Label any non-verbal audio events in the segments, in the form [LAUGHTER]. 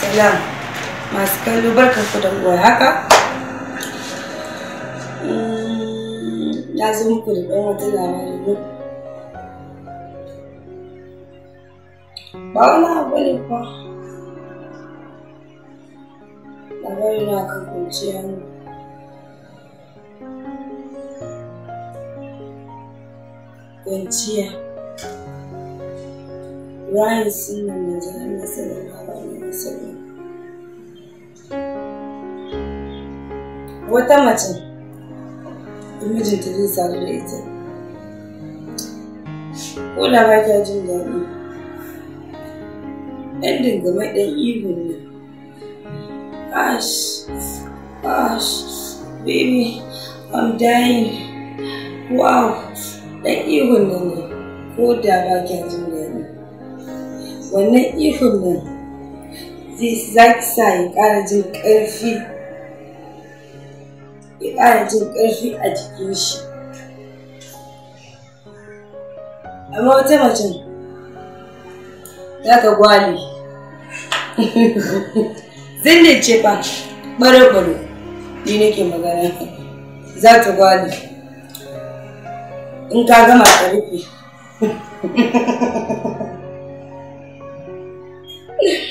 salam masu kallo barkar ku da uwar haka Ya mm, zo muku da ɗan wata labari ne ba wani abu ne ba labari na kan kwanciya ne kwanciya rayin sunan manzan Allah sallallahu wata mace mijinta zai sadu da ita ko da ba kya jin daɗi ɗan dingama ɗan ihun ne ash ash baby i'm dying wow ɗan ihun ne ko da ba kya jin daɗi wannan ihun nan za ki sa ya ƙara jin ƙarfi ya ƙara jin ƙarfi a jikin shi amma wata macen za ka gwale [LAUGHS] zille ce fa ɓaro-ɓaro ni nake magana za ta gwale in ka gama ka rufe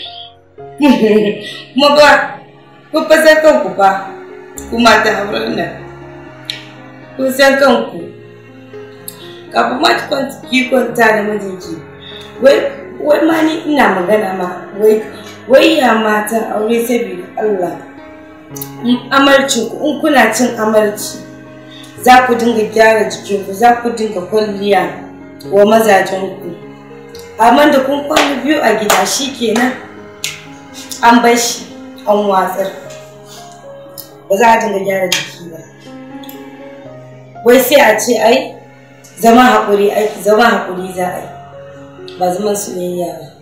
[LAUGHS] kuma ba ku fasan kanku ba kuma ta hauren nan kun san kanku kafin ma ki kwanta da mijinki wai ma ni ina magana ma wai ya mata aure saboda Allah amarcin ku in kuna cin amarci za ku dinga gyara jikinku za ku dinga kwalliya wa mazajenku. ku amma da kun kwana biyu a gida shikenan an bar shi an watsar ba za a dinga gyara jiki ba wai sai a ce ai zama haƙuri ai zama haƙuri za a yi ba zaman soyayya ba